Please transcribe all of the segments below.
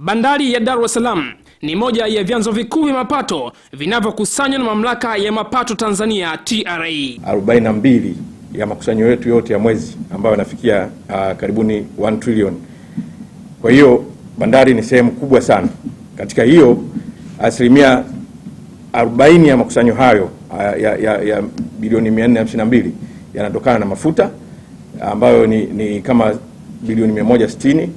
Bandari ya Dar es Salaam ni moja ya vyanzo vikuu vya mapato vinavyokusanywa na mamlaka ya mapato Tanzania TRA. 42 ya makusanyo yetu yote ya mwezi ambayo yanafikia uh, karibuni 1 trillion. Kwa hiyo bandari ni sehemu kubwa sana katika hiyo, asilimia 40 ya makusanyo hayo uh, ya, ya, ya bilioni 452 yanatokana na mafuta ambayo ni, ni kama bilioni 160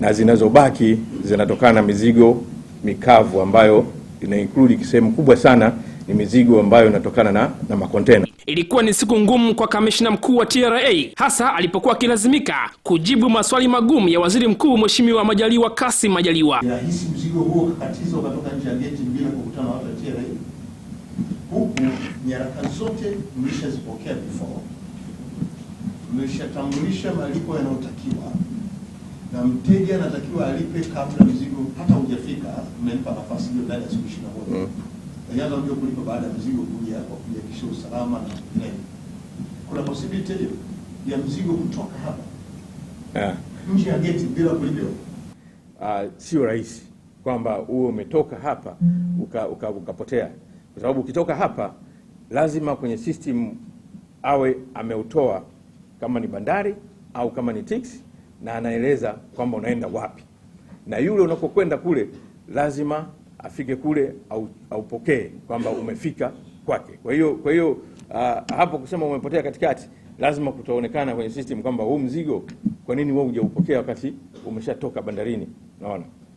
na zinazobaki zinatokana na mizigo mikavu ambayo ina include sehemu kubwa sana ni mizigo ambayo inatokana na, na makontena. Ilikuwa ni siku ngumu kwa kamishna mkuu wa TRA hasa alipokuwa akilazimika kujibu maswali magumu ya waziri mkuu Mheshimiwa Majaliwa Kassim Majaliwa. Nahisi mzigo huo nje ya geti bila kukutana na watu wa TRA, huku nyaraka zote mlishazipokea before, mlishatambulisha malipo yanayotakiwa na mteja anatakiwa alipe kabla mzigo hata hujafika. Mmempa nafasi hiyo ndani ya siku ishirini na moja mm. yaani ajaza ndio kulipa baada ya mzigo kuja, kwa kuhakikisha usalama na vinginevyo. Kuna possibility hiyo ya mzigo kutoka hapa yeah, nje ya geti bila kulipa Uh, ah, sio rahisi kwamba uwe umetoka hapa uka, uka, ukapotea, kwa sababu ukitoka hapa lazima kwenye system awe ameutoa, kama ni bandari au kama ni tiksi, na anaeleza kwamba unaenda wapi, na yule unakokwenda kule lazima afike kule au aupokee kwamba umefika kwake. Kwa hiyo kwa hiyo uh, hapo kusema umepotea katikati, lazima kutaonekana kwenye system kwamba huu mzigo, kwa nini wewe hujaupokea wakati umeshatoka bandarini? naona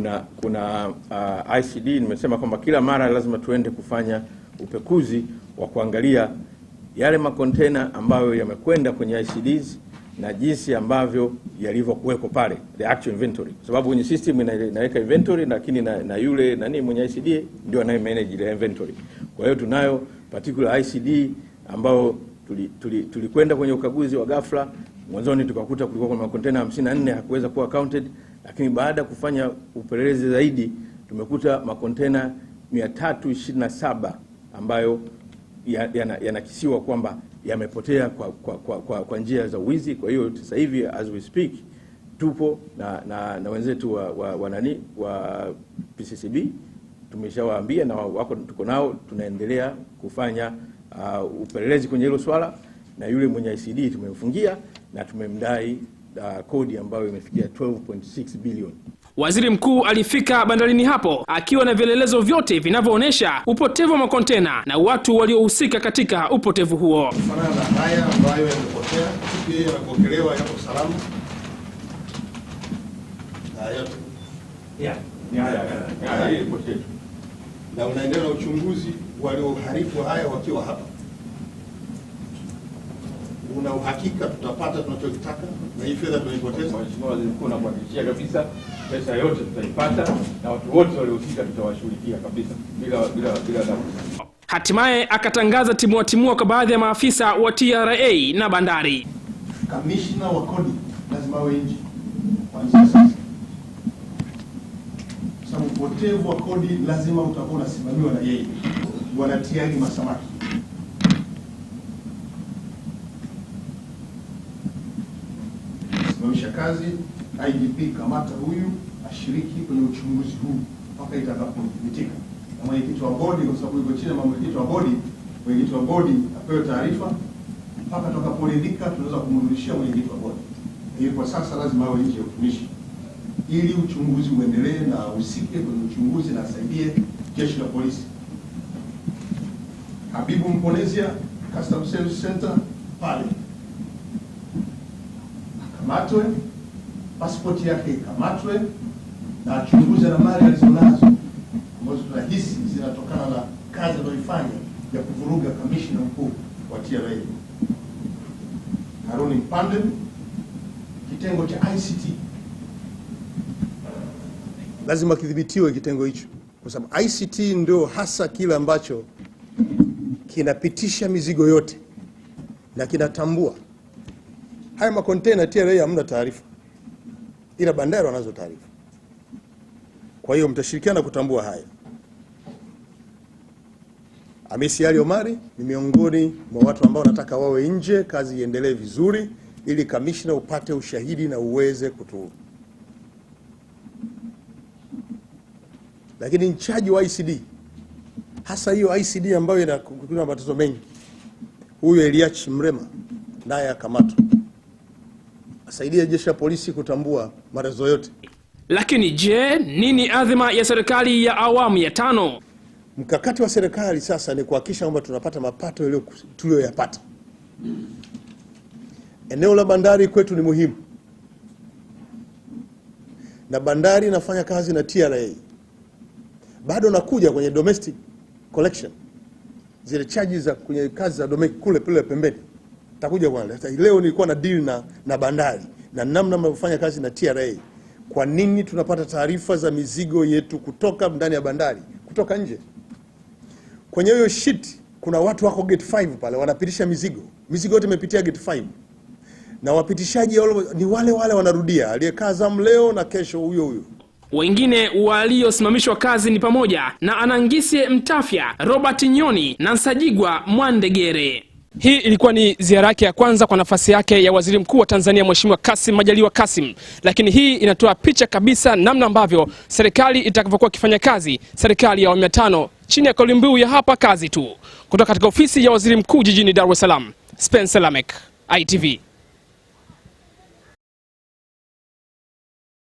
kuna, kuna uh, ICD nimesema kwamba kila mara lazima tuende kufanya upekuzi wa kuangalia yale makontena ambayo yamekwenda kwenye ICDs na jinsi ambavyo yalivyokuweko pale the actual inventory, kwa sababu kwenye system inaweka inventory, lakini na, na yule nani mwenye ICD ndio anaye manage ile inventory. Kwa hiyo tunayo particular ICD ambayo tulikwenda tuli, tuli kwenye ukaguzi wa ghafla mwanzoni, tukakuta kulikuwa kuna makontena 54 hakuweza kuwa counted lakini baada ya kufanya upelelezi zaidi tumekuta makontena 327 ambayo yanakisiwa ya kwamba yamepotea kwa, kwa, kwa, kwa, kwa njia za wizi. Kwa hiyo sasa hivi as we speak tupo na, na, na wenzetu wa, wa, wa, nani, wa PCCB tumeshawaambia na wako tuko nao, tunaendelea kufanya uh, upelelezi kwenye hilo swala, na yule mwenye ICD tumemfungia na tumemdai uh, kodi ambayo imefikia 12.6 bilioni. Waziri mkuu alifika bandarini hapo akiwa na vielelezo vyote vinavyoonyesha upotevu wa makontena na watu waliohusika katika upotevu huo. Kufanana na haya ambayo yamepotea, pia yamepokelewa, yapo salama na yote na unaendelea na uchunguzi walioharifu haya wakiwa hapa kuna uhakika tutapata tunachokitaka na hii fedha tunaipoteza. Mheshimiwa Waziri Mkuu, nakuhakikishia kabisa pesa yote tutaipata na watu wote waliohusika tutawashughulikia kabisa bila bila bila tabu. Hatimaye akatangaza timua timua kwa baadhi ya maafisa wa TRA na bandari. Kamishna wa kodi lazima awe nje kuanzia sasa, sababu upotevu wa kodi lazima utakuwa unasimamiwa na yeye. Wanatiagi masamaki kusimamisha kazi IGP kamata huyu ashiriki kwenye uchunguzi huu mpaka itakapothibitika na mwenyekiti wa bodi, kwa sababu yuko chini ya mwenyekiti wa bodi. Mwenyekiti wa bodi apewe taarifa mpaka tutakaporidhika tunaweza kumrudishia mwenyekiti wa bodi, Hiyo kwa sasa lazima awe nje ya utumishi ili uchunguzi uendelee na ahusike kwenye uchunguzi na asaidie jeshi la polisi. Habibu Mponezia, Customs Service Center pale akamatwe, pasipoti yake ikamatwe na achunguze na mali alizonazo ambazo tunahisi zinatokana na kazi aliyoifanya ya kuvuruga kamishna mkuu wa TRA Haruni Mpande. Kitengo cha ICT lazima kidhibitiwe, kitengo hicho, kwa sababu ICT ndio hasa kile ambacho kinapitisha mizigo yote na kinatambua Haya makontena TRA hamna taarifa, ila bandari wanazo taarifa. Kwa hiyo mtashirikiana kutambua haya. Hamisi Ali Omari ni miongoni mwa watu ambao nataka wawe nje, kazi iendelee vizuri, ili kamishna upate ushahidi na uweze kutu. Lakini mchaji wa ICD hasa hiyo ICD ambayo ina matatizo mengi, huyo Eliachi Mrema naye akamatwa asaidia jeshi la polisi kutambua marezo yote. Lakini je, nini adhima ya serikali ya awamu ya tano? Mkakati wa serikali sasa ni kuhakikisha kwamba tunapata mapato tuliyoyapata. Eneo la bandari kwetu ni muhimu, na bandari inafanya kazi na TRA. Bado nakuja kwenye domestic collection, zile charges za kwenye kazi za kule pale pembeni takuja kwa leo. Nilikuwa na deal na, na bandari na namna mnavyofanya kazi na TRA. Kwa nini tunapata taarifa za mizigo yetu kutoka ndani ya bandari kutoka nje? Kwenye hiyo sheet kuna watu wako gate 5 pale wanapitisha mizigo, mizigo yote imepitia gate 5 na wapitishaji ni wale wale wanarudia, aliyekaa zamu leo na kesho huyo huyo. Wengine waliosimamishwa kazi ni pamoja na Anangisie Mtafya, Robert Nyoni na Nsajigwa Mwandegere. Hii ilikuwa ni ziara yake ya kwanza kwa nafasi yake ya waziri mkuu wa Tanzania Mheshimiwa Kassim Majaliwa Kassim, lakini hii inatoa picha kabisa namna ambavyo serikali itakavyokuwa ikifanya kazi, serikali ya awamu ya tano chini ya kauli mbiu ya hapa kazi tu, kutoka katika ofisi ya waziri mkuu jijini Dar es Salaam. Spencer Lamek, ITV.